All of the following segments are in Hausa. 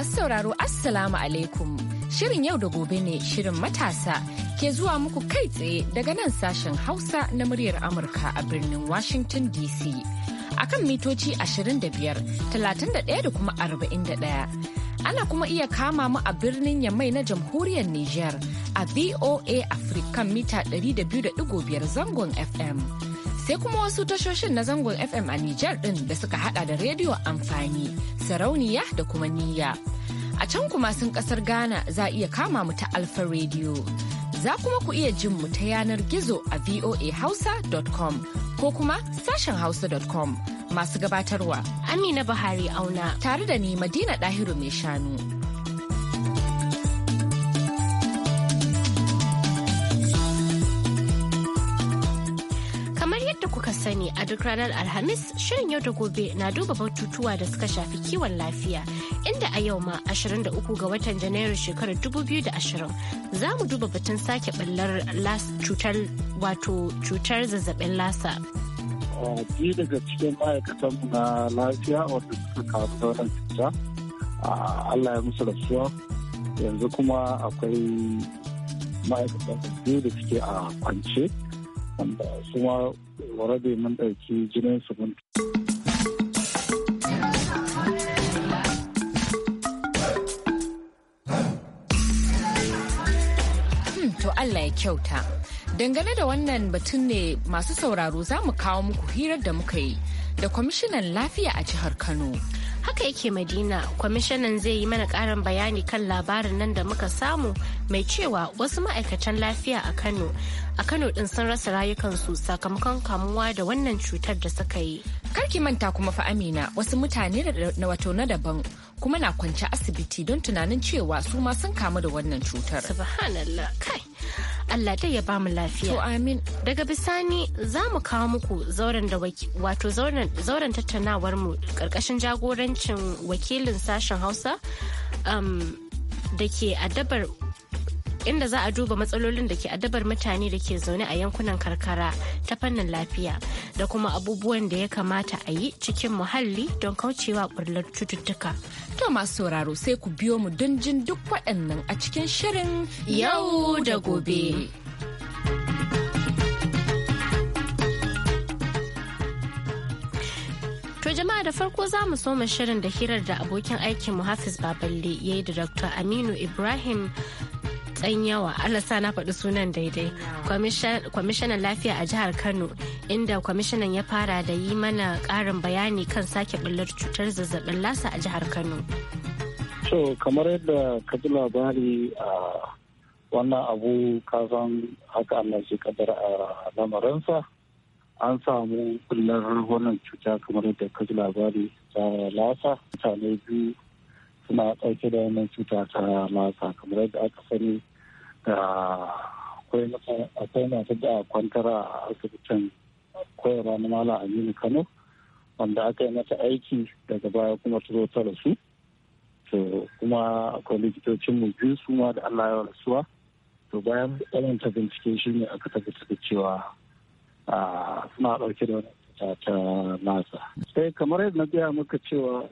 masu sauraro Assalamu alaikum. Shirin yau da gobe ne shirin matasa ke zuwa muku kai tsaye daga nan sashen Hausa na muryar Amurka a birnin Washington DC. Akan mitoci 25, 31 da kuma 41. ana kuma iya kama mu a birnin yamai na jamhuriyar Nijar a VOA Africa mita 200.5 zangon FM. sai kuma wasu tashoshin na zangon FM a Nijar ɗin da suka haɗa da rediyo amfani, sarauniya da kuma niyya. A can kuma sun ƙasar Ghana za a iya kama mu ta Alfa rediyo Za kuma ku iya jin mu ta yanar gizo a voahausa.com ko kuma sashen hausa.com masu gabatarwa. Amina Buhari auna tare da ni Madina Ɗahiru mai shanu. duk ranar Alhamis shirin yau da gobe na duba batutuwa da suka shafi kiwon lafiya. Inda a yau ma 23 ga watan Janairu shekarar 2020 za mu duba batun sake ɓallar cutar wato cutar zazzabin lasa. Biyu daga cikin ma'aikatan na lafiya wanda suka kamu da wannan cuta, Allah ya musu rasuwa yanzu kuma akwai ma'aikatan biyu da suke a kwance. wanda su ma warabe mun ɗauki jinin su mun hmm, to Allah ya kyauta. Dangane da wannan batun ne masu sauraro za mu kawo muku hirar da muka yi da kwamishinan lafiya a jihar Kano. haka yake madina kwamishinan zai yi mana karin bayani kan labarin nan da muka samu mai cewa wasu ma'aikatan lafiya a kano a kano din sun rasa rayukansu sakamakon kamuwa da wannan cutar da suka yi karki manta kuma fa amina wasu mutane na wato na daban kuma na kwanci asibiti don tunanin cewa su ma sun kamu da wannan cutar subhanallah kai Allah dai ya bamu lafiya. To amin. Daga bisani za mu kawo muku zauren da wato zauren tattaunawar mu karkashin jagorancin wakilin sashen Hausa um, da ke adabar inda za a duba matsalolin da ke adabar mutane da ke zaune a yankunan karkara ta fannin lafiya da kuma abubuwan da ya kamata a yi cikin muhalli don kaucewa ɓullar cututtuka. To masu sauraro sai ku biyo mu don jin duk waɗannan a cikin shirin yau da gobe. To jama'a da farko za mu soma shirin da hirar da abokin aikin mu Hafiz Baballe ya yi da Dr. Aminu Ibrahim Allah alasa na faɗi sunan daidai kwamishinan lafiya a jihar kano inda kwamishinan ya fara da yi mana ƙarin bayani kan sake ɓullar cutar zazzabin lasa a jihar kano so kamar yadda ka ji labari a wannan abu ka san haka allah shi kadar a lamarinsa an samu kullar wannan cuta kamar yadda ka ji labari ta lasa mutane biyu suna ɗauke da wannan cuta ta lasa kamar yadda aka sani da akwai masu da kwantar a asibitin koyarwa na mala aminu kano wanda aka yi mata aiki daga baya kuma ta zo ta rasu to kuma akwai likitocin mu biyu su ma da allah ya rasuwa to bayan tsananta bincike shi ne aka tabbatar da cewa ah, suna ɗauke da wani ma'aikata ta nasa sai kamar yadda na gaya maka cewa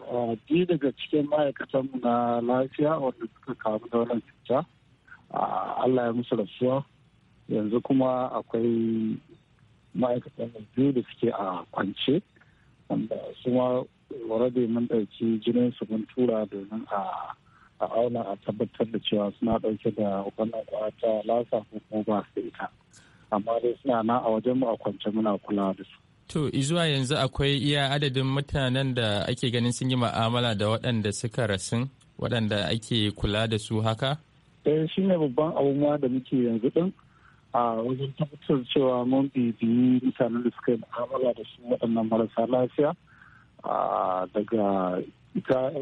biyu daga cikin ma'aikatanmu na lafiya wanda suka kamu da wannan cuta allah ya musu rasuwa yanzu kuma akwai ma'aikatan biyu da suke a kwance wanda su ma warade mun ɗauki jinin su mun tura domin a a auna a tabbatar da cewa suna ɗauke da wannan kwaya lasa ko ba su ita amma dai suna na a wajen mu a kwance muna kula da su To, zuwa yanzu akwai iya adadin mutanen da ake ganin sun yi ma'amala da waɗanda suka rasin waɗanda ake kula da su haka? Eh, shi ne babban abubuwa da muke yanzu ɗin a wajen tabbatar cewa mun bibiyi mutanen da suka yi ma'amala da su waɗannan marasa lafiya daga ita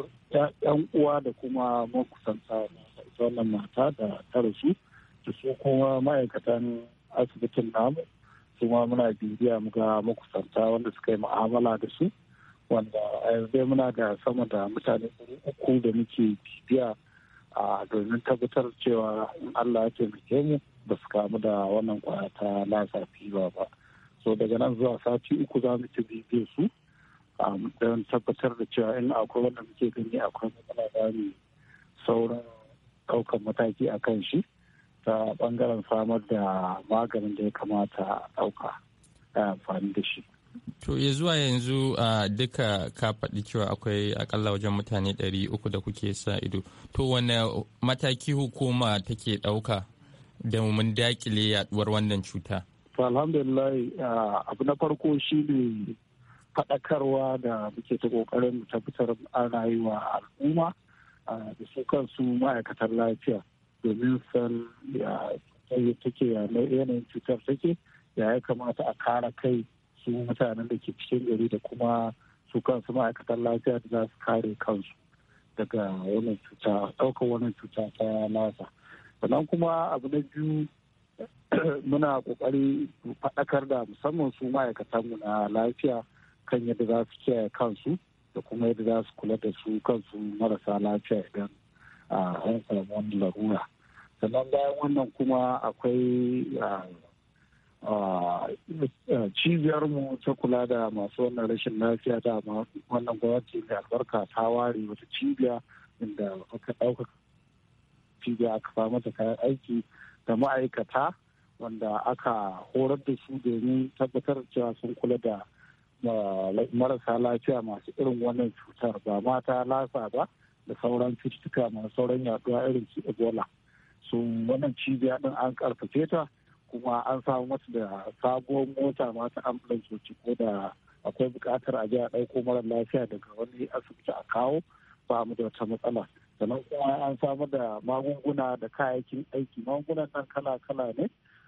uwa da kuma makusanta ita wannan mata da ta rasu da su kuma ma'aikatan asibitin namu kuma muna bibiya muga makusanta wanda suka yi mu'amala da su wanda a yanzu muna da sama da mutane uku da muke bibiya a domin tabbatar cewa in Allah ya taimake mu ba su kamu da wannan kwaya ta lasa ba ba so daga nan zuwa sati uku za mu ci bibiya su um, don tabbatar da cewa in akwai wanda muke gani akwai matsala za mu sauran ɗaukar mataki a kan shi ta bangaren samar da maganin da ya kamata a ɗauka a amfani da shi. To ya zuwa yanzu a duka ka faɗi cewa akwai akalla wajen mutane ɗari uku da kuke sa ido. To wane mataki hukuma take ɗauka da mun dakile yaduwar wannan cuta? To alhamdulillah abu na farko shi ne faɗakarwa da muke ta ƙoƙarin tabbatar ana yi wa al'umma da su kansu ma'aikatar lafiya. domin san ya take ya yanayin cutar take ya ya kamata a kara kai su mutanen da ke cikin gari da kuma su kansu ma'aikatan lafiya da za su kare kansu daga wannan cuta ɗaukar wannan cuta ta nasa sannan kuma abu na biyu muna kokari faɗakar da musamman su ma'aikatanmu na lafiya kan yadda za su kiyaye kansu da kuma yadda za su kula da su kansu marasa lafiya idan an samu wani larura sannan bayan wannan kuma akwai cibiyarmu ta kula da masu wannan rashin lafiya da wannan gwamnati mai albarka ta ware wata cibiya inda aka ɗauka cibiya aka fa mata kayan aiki da ma'aikata wanda aka horar da su domin tabbatar cewa sun kula da marasa lafiya masu irin wannan cutar ba mata lasa ba da sauran cututtuka masu sauran yaduwa irin su ebola su wannan cibiya din an karfafe ta kuma an samu mata da sabuwar mota masu wacce ko da akwai bukatar a a ɗauko mara lafiya daga wani asibiti a kawo ba mu da wata matsala sannan kuma an samar da magunguna da kayayyakin aiki magungunan nan kala-kala ne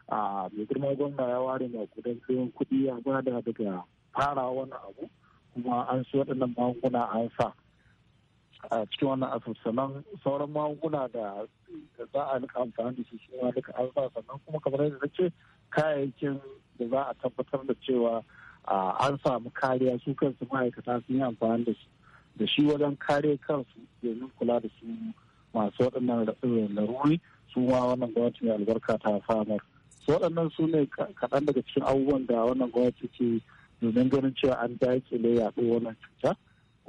a mai girma gwamna ya ware kudin tsayin kuɗi ya bada daga fara wani abu kuma an su waɗannan magunguna an sa a cikin wannan asibiti sannan sauran magunguna da za a nika amfani da shi shi ma duka an sa sannan kuma kamar yadda nace kayayyakin da za a tabbatar da cewa an samu kariya su kansu ma'aikata sun yi amfani da shi da shi wajen kare kansu domin kula da su masu waɗannan laruri su ma wannan gwamnati mai albarka ta samar su waɗannan su ne kaɗan daga cikin abubuwan da wannan gwamnati ke domin ganin cewa an daƙile yaɗo wannan cuta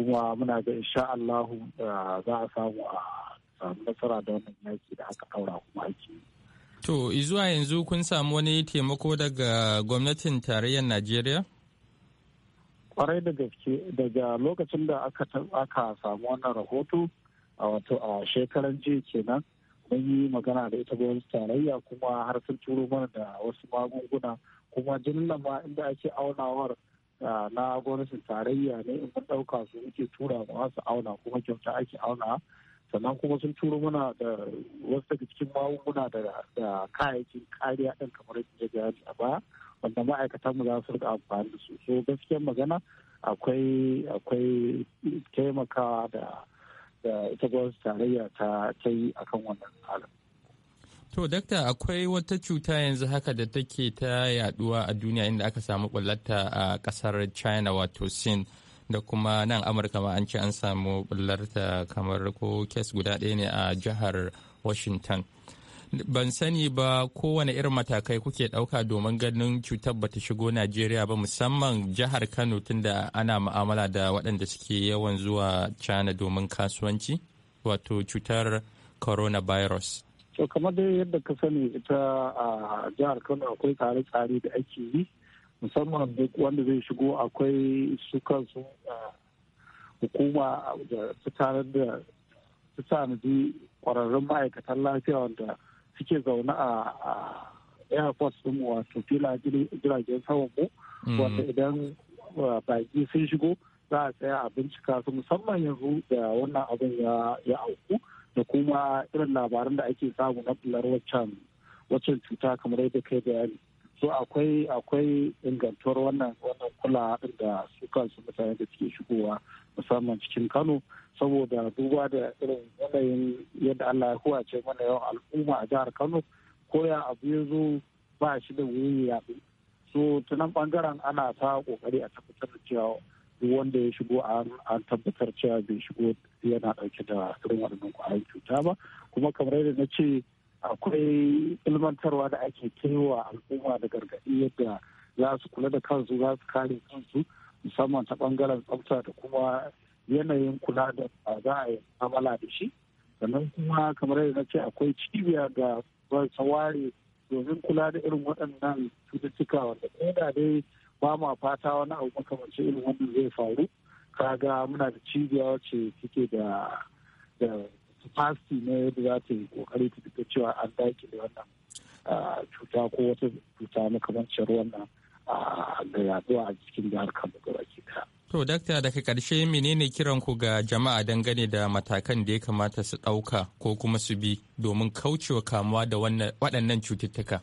kuma muna ga insha Allahu uh, za a samu a samu nasara da wannan yaki da aka ɗaura kuma ake To, zuwa yanzu kun samu wani taimako daga gwamnatin tarayyar Najeriya? Kwarai da gaske daga lokacin da aka samu wannan rahoto a wato a shekaran jiya kenan mun yi magana da ita gwamnatin tarayya kuma har sun turo mana da wasu magunguna kuma jin ma inda ake aunawar na gwamnatin tarayya ne in mun ɗauka su muke tura ma su auna kuma kyauta ake auna sannan kuma sun turo muna da wasu daga cikin magunguna da kayayyakin kariya ɗin kamar yadda bayani a baya wanda ma'aikatan mu za su rika amfani da su so gaskiyar magana akwai akwai taimakawa da ita gwamnatin tarayya ta yi akan wannan halin. To, dakta akwai wata cuta yanzu haka da take ta yaduwa a duniya inda aka samu bullarta a kasar China wato Sin da kuma nan Amurka ma an ce an samu bullarta kamar ko kes guda ɗaya ne a jihar Washington. Ban sani ba kowane irin matakai kuke ɗauka domin ganin cutar ba ta shigo Najeriya ba musamman jihar Kano tunda ana ma'amala da waɗanda suke yawan zuwa China domin kasuwanci wato cutar coronavirus. to kamar dai yadda ka sani ita a jihar kano akwai tsare-tsare da ake yi musamman duk wanda zai shigo akwai su kansu hukuma da ta da ta tanadi kwararrun ma'aikatan lafiya wanda suke zaune a airport din wato fila jiragen saman mu mm-hmm. wanda idan baki sun shigo za a tsaya a bincika su musamman yanzu da wannan abin ya auku da kuma irin labaran da ake samu na bular waccan waccan cuta kamar yadda kai bayani so akwai akwai ingantuwar wannan wannan kula din da su kansu mutane da suke shigowa musamman cikin Kano saboda duba da irin yanayin yadda Allah ya kowace mana yawan al'umma a jihar Kano ya abu ya zo ba shi da wuri ya so ta bangaren ana ta kokari a tabbatar da cewa wanda ya shigo an tabbatar cewa bai shigo yana dauke da irin waɗannan ƙwayoyin cuta ba kuma kamar yadda na ce akwai ilmantarwa da ake kaiwa al'umma da gargaɗi yadda za su kula da kansu za su kare kansu musamman ta bangaren tsafta da kuma yanayin kula da ba za a yi amala da shi sannan kuma kamar yadda na ce akwai cibiya ga ware domin kula da irin waɗannan cututtuka wanda ɗaya da dai ba ma fata wani abu makamancin irin wannan zai faru kaga muna da cibiya wacce take da da capacity na yadda za ta yi kokari ta duka cewa an dakile wannan ah, cuta ko wata cuta makamancin wannan ah, da yaduwa a cikin jihar Kano gaba ki To, dakta daga karshe menene kiran ku ga jama'a dangane da matakan da ya kamata su ɗauka ko kuma su bi domin kaucewa kamuwa da waɗannan cututtuka?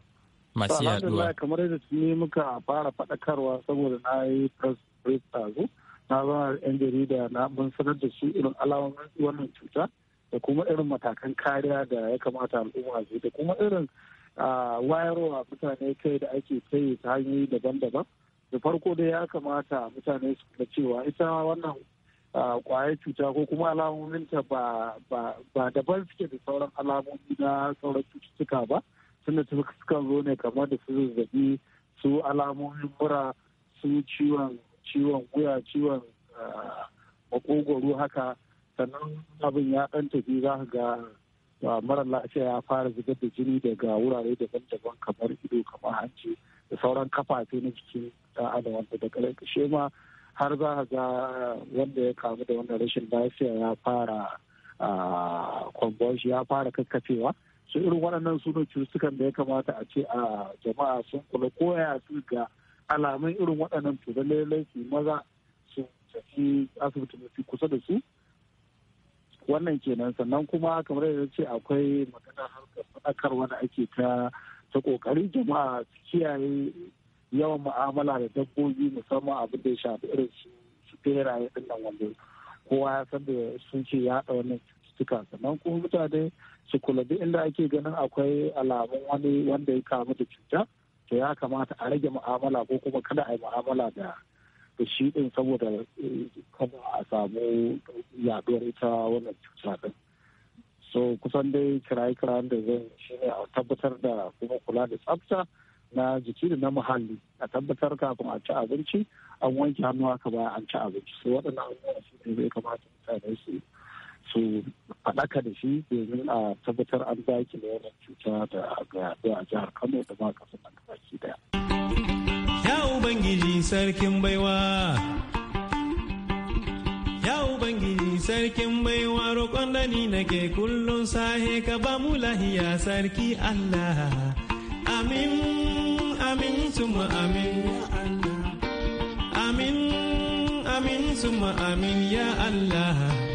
masu yaduwa kamar yadda ne muka fara faɗakarwa saboda na yi press brief na zama da yan jarida na mun sanar da su irin alamomin wannan cuta da kuma irin matakan kariya da ya kamata al'umma su da kuma irin wayarwa mutane kai da ake kai ta hanyoyi daban-daban da farko dai ya kamata mutane su kula cewa ita wannan kwayar cuta ko kuma alamominta ba daban suke da sauran alamomi na sauran cututtuka ba tunda sukan zo ne kamar da su zazzabi su alamomin mura su ciwon ciwon wuya ciwon ah, makogoro haka sannan abin ya ɗan tafi za ka ga ah, mara lafiya ya fara zubar da jini daga wurare daban-daban kamar ido kamar hanci da sauran kafafe na jikin adam wanda da ƙarshe ma har za ka ga wanda ya kamu da wannan rashin lafiya ya fara kwamboshi ah, ya fara kakkafewa su irin waɗannan suna ne da ya kamata a ce a jama'a sun kula koya su ga alamun irin waɗannan to lalai su maza su tafi asibiti mafi kusa da su wannan kenan sannan kuma kamar yadda ce akwai magana harkar faɗakarwa wani ake ta ta ƙoƙari jama'a su kiyaye yawan mu'amala da dabbobi musamman abin da ya shafi irin su beraye ɗin nan wanda kowa ya san da sun ce ya haɗa wannan cututtuka sannan kuma mutane su kula duk inda ake ganin akwai alamun wani wanda ya kamu da cuta to ya kamata a rage mu'amala ko kuma kada a yi mu'amala da da shi din saboda eh, kada a samu yaduwar ita wannan cuta din so kusan dai kirayi kirayen da zan shi ne a tabbatar da kuma kula da tsafta na jiki da na muhalli a tabbatar kafin a ci abinci an wanke hannu haka ba an ci abinci so waɗannan abubuwa su ne zai kamata mutane su su faɗaka da shi domin a tabbatar an daƙi da yanayin cuta da ga a jihar kano da ma kasu nan baki daya. ya ubangiji sarkin baiwa ya ubangiji sarkin baiwa roƙon da ni nake kullum sahe ka ba mu lahiya sarki allah amin amin tuma amin ya allah amin amin tuma amin ya allah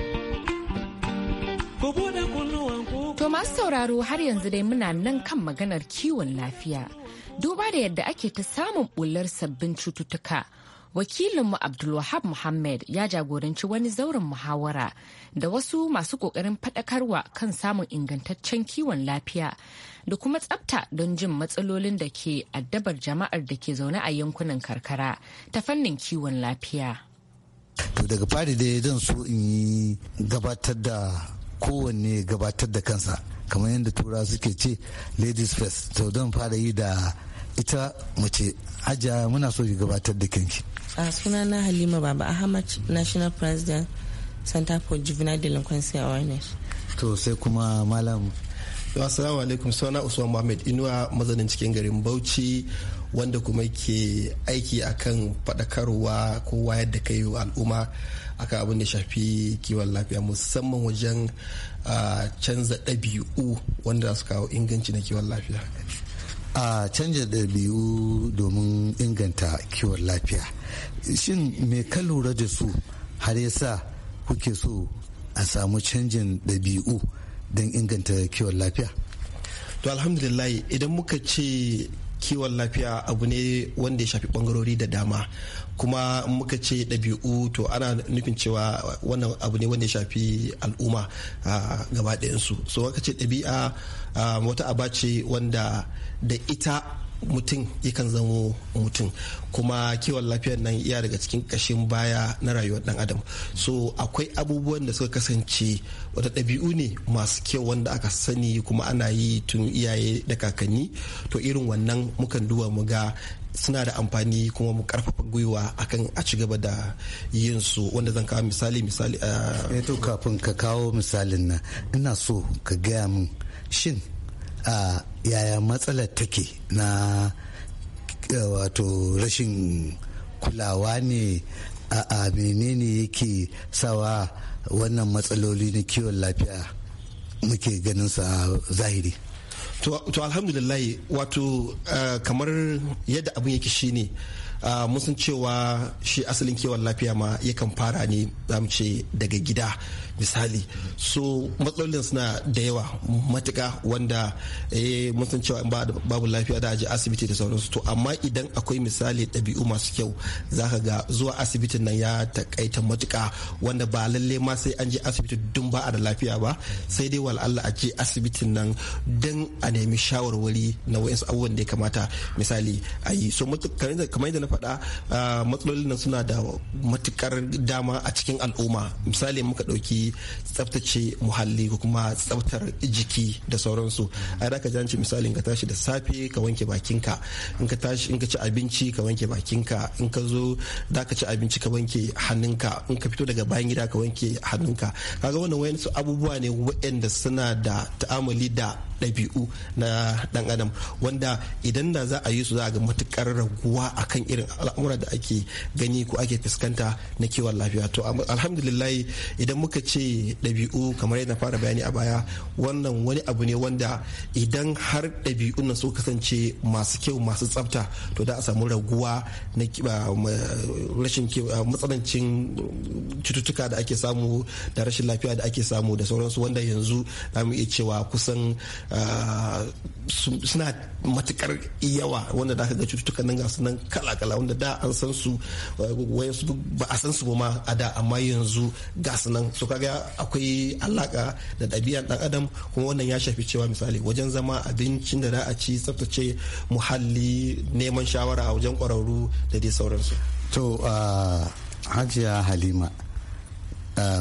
To masu sauraro har yanzu dai muna nan kan maganar kiwon lafiya. Duba da yadda ake ta samun bular sabbin cututtuka. Wakilinmu Abdulwahab Muhammad ya jagoranci wani zauren muhawara da wasu masu ƙoƙarin faɗakarwa kan samun ingantaccen kiwon lafiya da kuma tsabta don jin matsalolin da ke addabar jama'ar da ke zaune a yankunan karkara ta fannin kiwon lafiya. To daga fari dai zan so in gabatar da kowanne gabatar da kansa kamar yadda tura suke ce ladies first to don fara yi da ita mace hajja muna so ki gabatar da kanki a suna na halima baba ahmad national president center for juvenile delinquency awareness to sai kuma malam assalamu alaikum usman muhammad inuwa mazanin cikin garin bauchi wanda kuma ke aiki akan faɗakarwa ko wayar da kai al'umma akan abin da shafi kiwon lafiya musamman wajen canza ɗabi'u wanda su kawo inganci na kiwon lafiya a canja ɗabi'u domin inganta kiwon lafiya shin me ka lura da su har yasa kuke so a samu canjin ɗabi'u don inganta kiwon lafiya to alhamdulillah idan muka ce kiwon lafiya abu ne wanda ya shafi bangarori da dama kuma muka ce ɗabi'u to ana nufin cewa wannan abu ne wanda ya shafi al'umma gaba ɗayansu so muka ce ɗabi'a wata aba ce wanda da ita mutum yakan zamo mutum kuma kiwon lafiyar nan iya daga cikin kashin baya na rayuwar dan adam so akwai abubuwan da suka kasance wata ɗabi'u ne masu kyau wanda aka sani kuma ana yi tun iyaye da kakanni to irin wannan mukan duba mu ga suna da amfani kuma mu karfafa gwiwa akan a ci gaba da yin su wanda zan kawo misali misali ah, eh, to kafin ka kawo misalin nan ina so ka gaya min shin a yaya matsalar take na eh, wato rashin kulawa ne a menene yake sawa wannan matsaloli na kiwon lafiya muke ganin sa zahiri to alhamdulillah wato eh, kamar yadda abin yake shine eh, mun san cewa shi asalin kiwon lafiya ma yakan fara ne ce daga gida misali so matsalolin suna da yawa matuka wanda eh, mun san cewa babu lafiya da je asibiti da sauransu to amma idan akwai misali ɗabi'u masu kyau za ka ga zuwa asibitin nan ya takaita matuka wanda ba lalle ma sai an je asibiti dun ba a da lafiya ba sai dai wal a je asibitin nan don a nemi shawarwari na wayansu abubuwan da ya kamata misali a yi so kamar yadda na faɗa ah, matsalolin nan suna da matukar dama a cikin al'umma misali muka ɗauki tsabtace tsaftace muhalli ko kuma tsaftar jiki da sauransu a da ka janci misali ka tashi da safe ka wanke bakinka in ka tashi in ka ci abinci ka wanke bakinka in ka zo da ka ci abinci ka wanke hannunka in ka fito daga bayan gida ka wanke hannunka kaga wannan wayansu abubuwa ne waɗanda suna da ta'amali da dabi'u na ɗan adam wanda idan da za a yi su za a ga matukar raguwa akan irin al'amura da ake gani ko ake fuskanta na kiwon lafiya to alhamdulillah idan muka ce ce ɗabi'u kamar yadda fara bayani a baya wannan wani abu ne wanda idan har ɗabi'un na so kasance masu kyau masu tsafta to da a samu raguwa na rashin ah, matsanancin cututtuka da ake samu da rashin lafiya da ake samu da sauransu wanda yanzu za mu iya cewa kusan ah, suna matukar yawa wanda da aka ga cututtukan nan gasu nan kala-kala wanda da an san su ah, ba a san su ba ma a da amma yanzu gasu nan suka kaga akwai alaka da ɗabi'ar ɗan adam kuma wannan ya shafi cewa misali wajen zama abincin da za a ci tsaftace muhalli neman shawara a wajen ƙwararru da dai sauransu to hajiya halima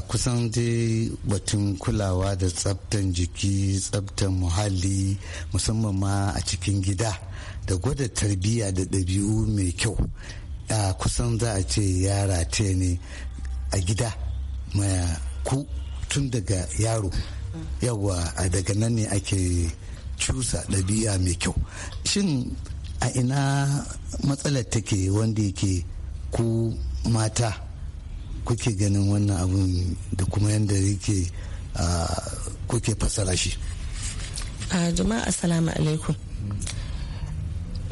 kusan dai batun kulawa da tsaftan jiki tsaftan muhalli musamman ma a cikin gida da gwada tarbiyya da ɗabi'u mai kyau kusan za a ce yara te ne a gida ku tun daga yaro yawa daga nan ne ake cusa ɗabi'a mai kyau shin a ina matsalar take wanda yake ku mata kuke ganin wannan abun da kuma yadda yake kuke fassara shi a jama'a assalamu alaikum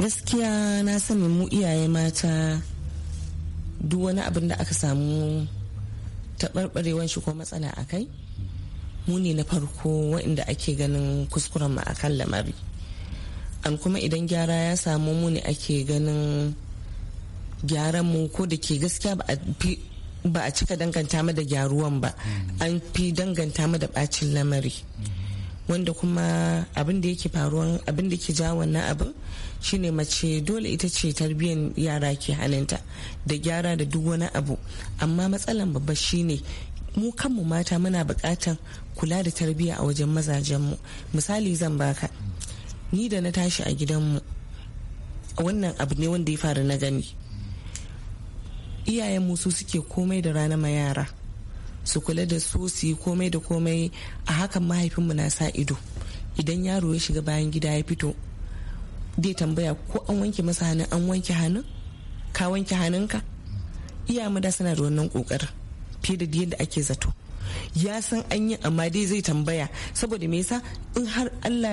gaskiya na sani mu iyaye mata duk wani abin da aka samu taɓarɓarewar shi ko matsala a kai mu ne na farko waɗanda ake ganin kuskuren mu akan lamari an kuma idan gyara ya samu mu ne ake ganin gyaran mu ko da ke gaskiya ba a cika danganta mu da gyaruwan ba mm. an fi danganta mu da bacin lamari mm. wanda kuma abin da yake faruwa abin da ke jawo wannan abin shine mace dole ita ce tarbiyyar yara ke hannunta da gyara da duk wani abu amma matsalan babba shine mu kanmu mata muna bukatan kula da tarbiyya a wajen mazajenmu misali zan baka ni da na tashi a gidanmu wannan abu ne wanda ya faru na gani iyayenmu su suke komai da rana ma yara su kula da su su yi komai da komai a hakan mahaifinmu na sa ido idan yaro ya shiga bayan gida ya fito zai tambaya ko an wanke masa hannun an wanke hannun ka wanke hannunka iya mada suna da wannan kokarin fiye da yadda ake zato ya san an yi amma dai zai tambaya saboda me yasa in har Allah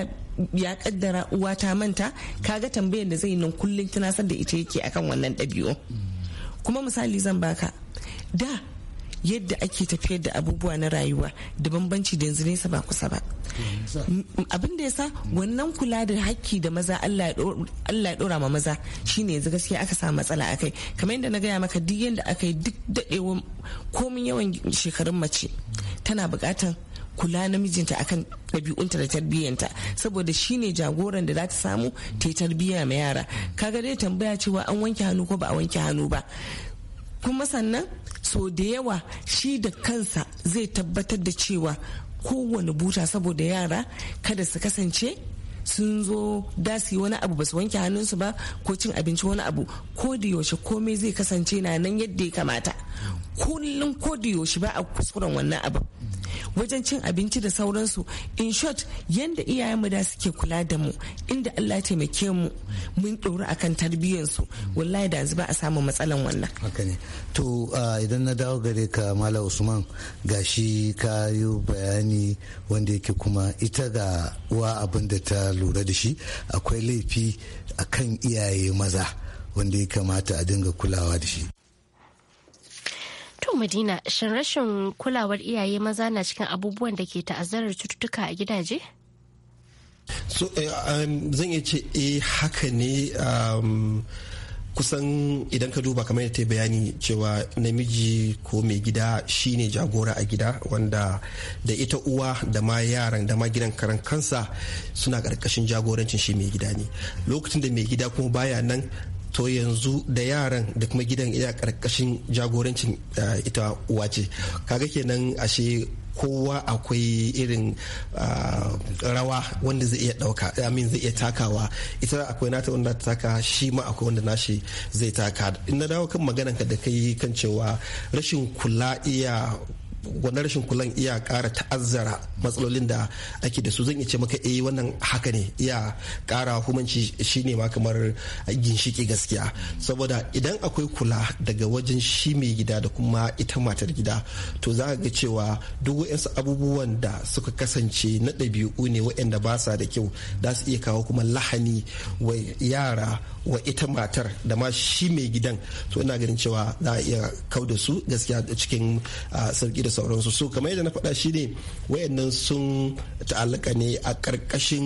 ya kaddara uwa ta manta ga tambayar da zai nan kullum tunasar da ita yake akan wannan ɗabi'u kuma misali zan baka da yadda ake tafiyar da abubuwa na rayuwa da bambanci da yanzu nesa ba kusa ba abin da sa wannan kula da hakki da maza Allah ya dora ma maza shine yanzu gaskiya aka samu matsala akai kamar yadda na gaya maka duk yadda aka yi duk daɗewa komin yawan shekarun mace tana buƙatar kula namijinta akan ɗabi'unta da tarbiyyanta saboda shi ne jagoran da za ta samu ta tarbiyya ma yara kaga dai tambaya cewa an wanke hannu ko ba a wanke hannu ba kuma sannan so da yawa shi da kansa zai tabbatar da cewa kowane buta saboda yara kada su kasance sun zo dasi wani abu ba su wanke hannunsu ba ko cin abinci wani abu ko da yaushe komai zai kasance na nan yadda ya kamata kullum ko da yaushe ba a kuskuren wannan abin wajen cin abinci da sauransu in short yanda iyayenmu da suke kula da mu inda Allah taimake mu mun ɗora akan tarbiyyarsu wallahi da yanzu ba a samu matsalan wannan haka ne to idan na dawo gare ka mala usman gashi ka yi bayani wanda yake kuma ita ga uwa abin da ta lura da shi akwai laifi akan iyaye maza wanda ya kamata a dinga kulawa da shi Madina, shin rashin kulawar iyaye maza na cikin abubuwan da ke ta'azzarar cututtuka a gidaje? So, eh, um, zan iya ce eh haka ne um, kusan idan ka duba kamar yadda ta bayani cewa namiji ko mai gida shine jagora a gida wanda da ita uwa da ma yaran da ma gidan karan kansa suna karkashin jagorancin shi mai gida ne lokacin da mai gida kuma baya nan to yanzu da yaran da kuma gidan ya karkashin jagorancin eh, ita wace ce kaga kenan ashe kowa akwai irin ah, rawa wanda zai iya dauka amin zai iya takawa ita akwai nata wanda ta taka shi ma akwai wanda nashi zai taka in dawo kan maganan ka da kai kan cewa rashin kula iya wannan rashin kulan iya kara ta'azzara matsalolin da ake da su zan iya ce maka eh wannan haka ne iya ƙara hukumanci shine ma kamar ginshiki gaskiya saboda idan akwai kula daga wajen shi mai gida da kuma ita matar gida to za ga cewa duk wayansu abubuwan da suka kasance na ɗabi'u ne wa'yanda ba sa da kyau za su iya kawo kuma lahani wa yara wa ita matar da ma shi mai gidan to ina ganin cewa za a iya kau da su gaskiya cikin sarki da sauransu so kamar yadda na faɗa shi ne wayannan sun ta'allaka ne a ƙarƙashin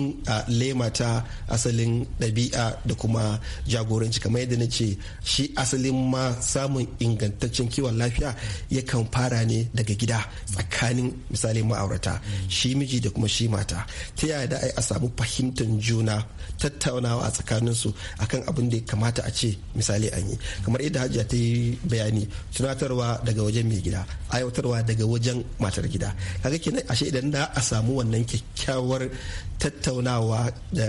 lema ta asalin ɗabi'a da kuma jagoranci kamar yadda na ce shi asalin ma samun ingantaccen kiwon lafiya yakan fara ne daga gida tsakanin misali ma'aurata shi miji da kuma shi mata ta yaya da a samu fahimtar juna tattaunawa a tsakaninsu akan abin da ya kamata a ce misali an yi kamar yadda hajiya ta yi bayani tunatarwa daga wajen mai gida aiwatarwa daga wajen matar gida kaga kenan ashe idan da a samu wannan kyakkyawar tattaunawa da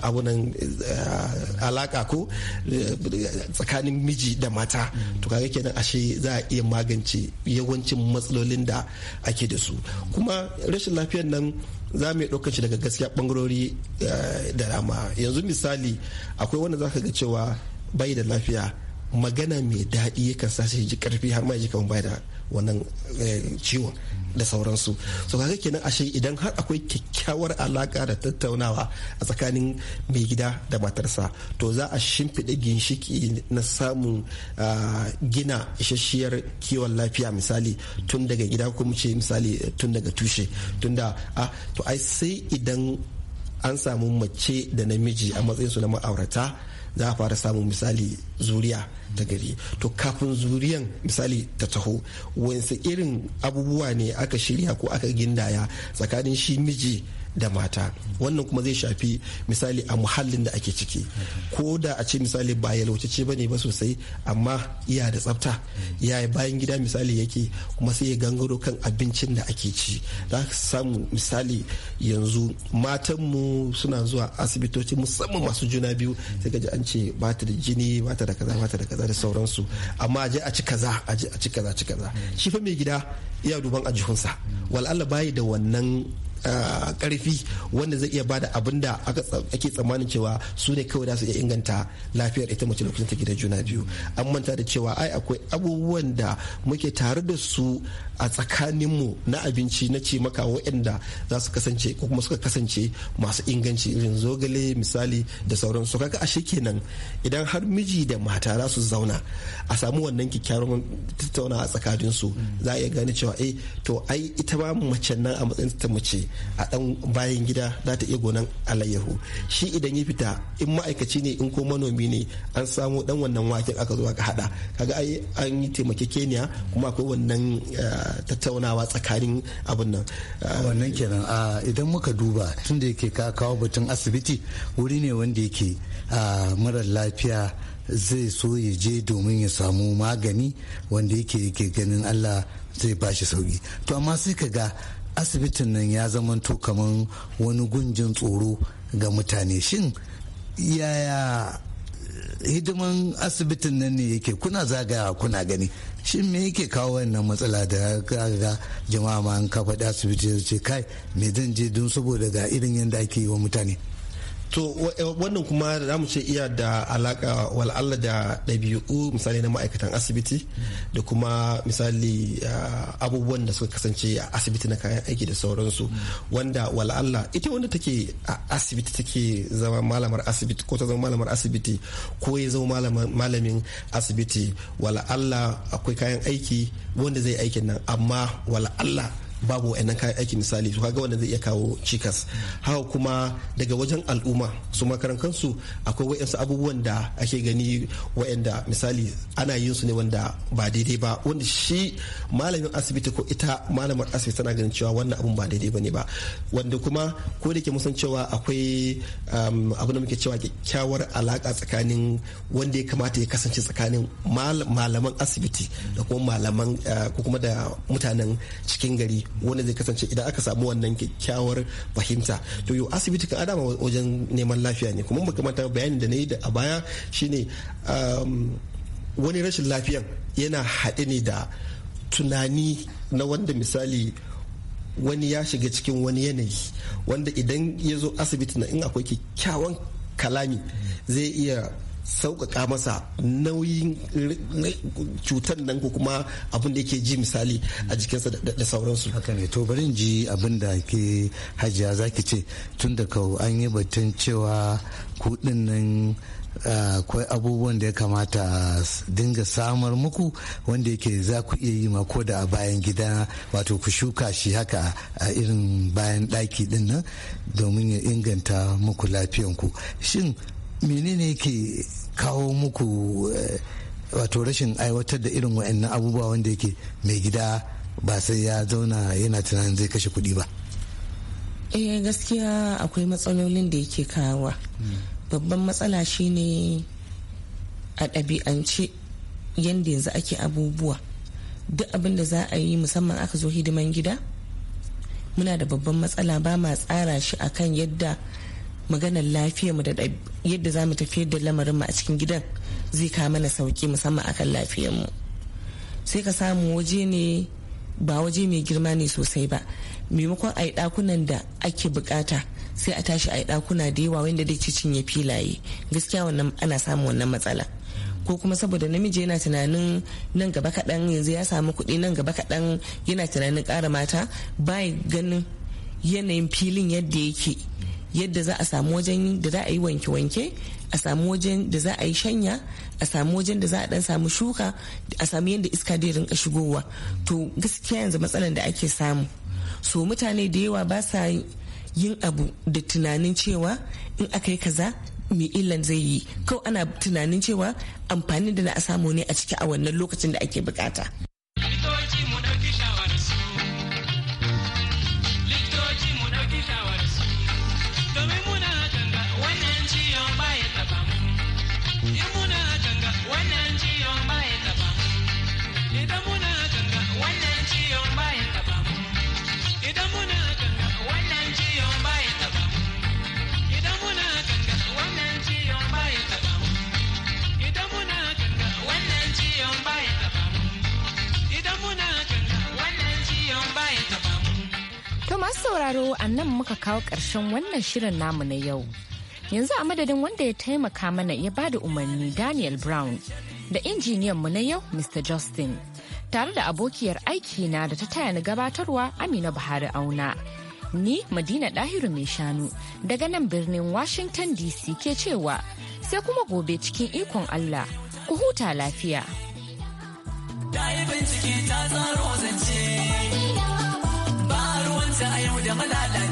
abunan eh, alaka ko eh, tsakanin miji da mata to kaga kenan ashe za a iya magance yawancin matsalolin da ake da su kuma rashin lafiyar nan za mu ɗaukar shi daga gaskiya bangarori eh, da dama yanzu misali akwai wanda za ka ga cewa bai da lafiya magana mai daɗi ya kan sashi ji karfi har ma ji kan ba da wannan eh, ciwon da sauransu so kaga kenan ashe idan har akwai kyakkyawar alaka da tattaunawa a tsakanin mai gida da matarsa to za a shimfiɗa ginshiki na samun ah, gina isasshiyar kiwon lafiya misali tun daga gida ko mu ce misali tun daga tushe tun da a ah, to ai sai idan an samu mace da namiji a matsayin su na ma'aurata za a fara samun misali zuriya ta gari to kafin zuriyan misali ta taho wansu irin abubuwa ne aka shirya ko aka gindaya tsakanin shi miji da mata wannan kuma zai shafi misali a muhallin da ake ciki ko da a ce misali ba yalwacece ba ne ba sosai amma iya da tsafta ya bayan gida misali yake kuma sai ya gangaro kan abincin da ake ci za ka samu misali yanzu matanmu suna zuwa asibitoci musamman masu juna biyu sai ga ji an ce ba ta da jini ba ta da kaza ba ta da kaza kaza da sauransu amma aje a ci kaza aje a ci kaza ci kaza shi fa mai gida iya duban ajihunsa wal Allah bayi da wannan karfi ah, wanda zai iya bada abin da ake tsammanin cewa su ne kawai su iya inganta lafiyar ita mace lokacin ta gida juna biyu an manta da cewa ai akwai abubuwan da muke tare da su a tsakaninmu na abinci na ce maka waɗanda za su kasance ko kuma suka kasance masu inganci irin zogale misali da sauransu kaga ashe kenan idan har miji da mata za su zauna a samu wannan kyakkyawan tattauna a tsakaninsu za a iya gane cewa eh to ai ita ba mace nan a matsayin ta mace a dan bayan gida za ta iya gonan alayyahu shi idan ya fita in ma'aikaci ne in ko manomi ne an samu dan wannan waken aka zo aka hada kaga ai an yi taimakekeniya kuma akwai wannan eh, tattaunawa tsakanin abin nan wannan kenan idan muka duba tun da yake ka kawo batun asibiti wuri ne wanda yake marar lafiya zai so ya je domin ya samu magani wanda yake yake ganin allah zai ba shi sauki to amma sai ka ga asibitin nan ya zamanto kamar wani gunjin tsoro ga mutane shin yaya hidiman asibitin nan ne yake kuna zagaya kuna gani shin me yake kawo wannan matsala da ga jama'a ma an ka faɗi asibiti ce kai me zan je don saboda ga irin yadda ake yi wa mutane to eh, wannan kuma da mu ce iya da alaka wal'alla da ɗabi'u misali na ma'aikatan asibiti da kuma misali ah, abubuwan da suka kasance a asibiti na kayan aiki da sauransu wanda wal'alla ita wanda take a asibiti take zama malamar asibiti ko ta zama malamar asibiti ko ya zama malamin asibiti wal'alla akwai kayan aiki wanda zai aikin nan amma wal'alla babu wa'annan kayan aiki misali su kaga wanda zai iya kawo cikas haka kuma daga wajen al'umma su makaran kansu akwai wa'ansu abubuwan da ake gani wa'anda misali ana yin su ne wanda ba daidai ba wanda shi malamin asibiti ko ita malamar asibiti tana ganin cewa wannan abun ba daidai bane ba wanda kuma ko da ke musan cewa akwai um, abin da muke cewa kyakkyawar alaka tsakanin wanda ya kamata ya kasance tsakanin malaman asibiti da kuma malaman eh, ko kuma da mutanen cikin gari wanda zai kasance idan aka samu wannan kyakkyawar fahimta to yau asibiti kan adama wajen neman lafiya ne kuma makamanta bayanin da na yi a baya shine um, wani rashin lafiyan yana haɗe ne da tunani na wanda misali wani ya shiga cikin wani yanayi wanda idan ya zo asibiti na in akwai kyakkyawan kalami zai iya sauƙaƙa masa nauyin cutar nan ko kuma abin da yake ji misali a jikinsa da sauransu haka ne to bari ji abin da ke hajiya zaki ce tun da kawo an yi batun cewa kuɗin nan akwai abubuwan da ya kamata dinga samar muku wanda yake za ku iya yi ma ko da a bayan gida wato ku shuka shi haka a irin bayan ɗaki ɗin nan domin ya inganta muku lafiyanku shin menene yake kawo muku eh, wato rashin aiwatar da irin wa'annan abubuwa wanda yake mai gida ba sai ya zauna yana tunanin zai kashe kuɗi ba eh gaskiya akwai matsalolin da yake kawo babban matsala shine a ɗabi'ance yadda yanzu ake abubuwa duk abin da za a yi musamman aka zo hidiman gida muna da babban matsala ba ma tsara shi akan yadda maganar lafiyar mu da yadda za mu tafiyar da lamarin mu a cikin gidan zai kawo mana sauki musamman akan lafiyar mu sai ka samu waje ne ba waje mai girma ne sosai ba maimakon a yi dakunan da ake bukata sai a tashi a yi dakuna da yawa wanda dai ci cinye filaye gaskiya wannan ana samu wannan matsala ko kuma saboda namiji yana tunanin nan gaba kaɗan yanzu ya samu kuɗi nan gaba kaɗan yana tunanin ƙara mata ba ganin yanayin filin yadda yake yadda za a samu wajen da za a yi wanke-wanke a samu wajen da za a yi shanya a samu wajen da za a dan samu shuka a samu yadda iska da rinka shigowa to gaskiya yanzu matsalar da ake samu so mutane da yawa ba sa yin abu da tunanin cewa in aka yi kaza mai illan zai yi kawai ana tunanin cewa amfani da na a samu ne a ciki a wannan lokacin da ake bukata sauraro a nan muka kawo ƙarshen wannan shirin namu na yau. Yanzu a madadin wanda ya taimaka mana ya bada umarni Daniel Brown da injiniyan mu na yau Mr. Justin tare da abokiyar aiki na da ta taya ni gabatarwa Amina Buhari Auna. Ni Madina Dahiru mai shanu daga nan birnin Washington DC ke cewa sai kuma gobe cikin ikon Allah ku huta lafiya. Ta bincike ta zaro zance. sa yau da malala